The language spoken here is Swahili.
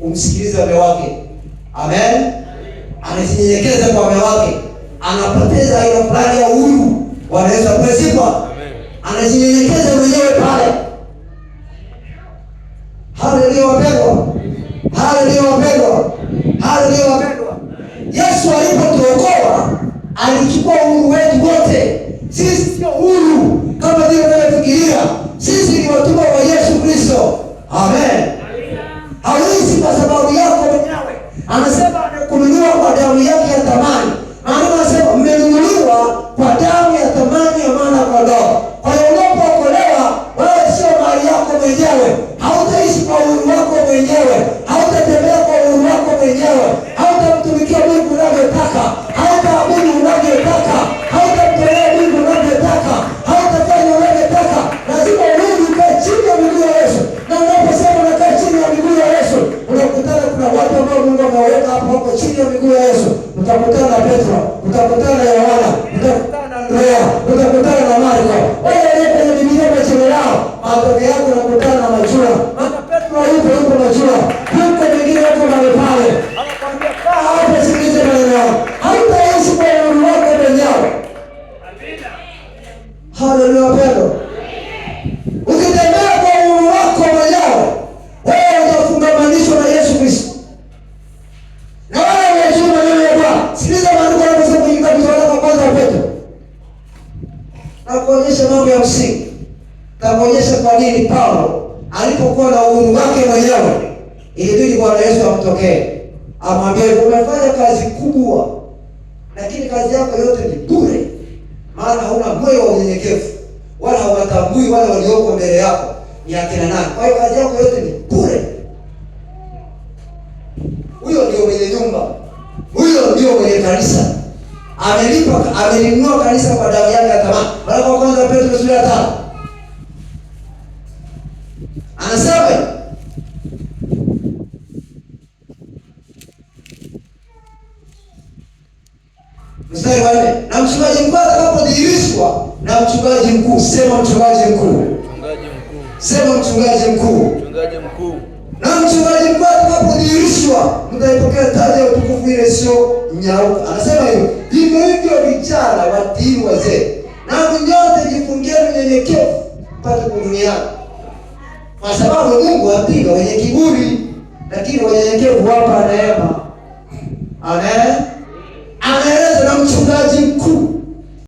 umsikilize wame wake. Amen, anajinyenyekeza kwa wame wake, anapoteza ile fulani ya uhuru. Bwana Yesu Anajinyenyekeza mwenyewe pale. Haleluya wapendwa, haleluya wapendwa, haleluya wapendwa. Yesu alipotuokoa alichukua uhuru wetu kununuliwa kwa damu yake ya thamani chini ya miguu ya Yesu, utakutana na Petro, utakutana na Yohana, utakutana na Andrea, utakutana na Marko, wale walio kwenye Biblia machele yao matokeo na mambo ya msingi na kwa nini Paulo alipokuwa na uhuru wake mwenyewe ilibidi Bwana Yesu amtokee amwambie, umefanya kazi kubwa, lakini kazi yako yote ni bure, maana hauna moyo wa unyenyekevu wala hauwatambui wale walioko mbele yako ni akina nani. Kwa hiyo kazi yako yote ni bure. Huyo ndio mwenye nyumba, huyo ndio mwenye kanisa amelipa amelinua kanisa kwa damu yake ya thamani. Waraka wa kwanza Petro sura ya tano anasema mstari wa nne na mchungaji mkuu atakapodhihirishwa na mchungaji mkuu. Sema mchungaji mkuu, mchungaji mkuu, sema mchungaji mkuu, mchungaji mkuu mtaipokea taji ya utukufu ile isiyonyauka. Anasema hivyo hivyo hivyo, vijana watiini wazee, nanyi nyote jifungieni unyenyekevu mpate kudumiana, kwa sababu Mungu hapinga wenye kiburi, lakini wanyenyekevu hapa neema. Amen.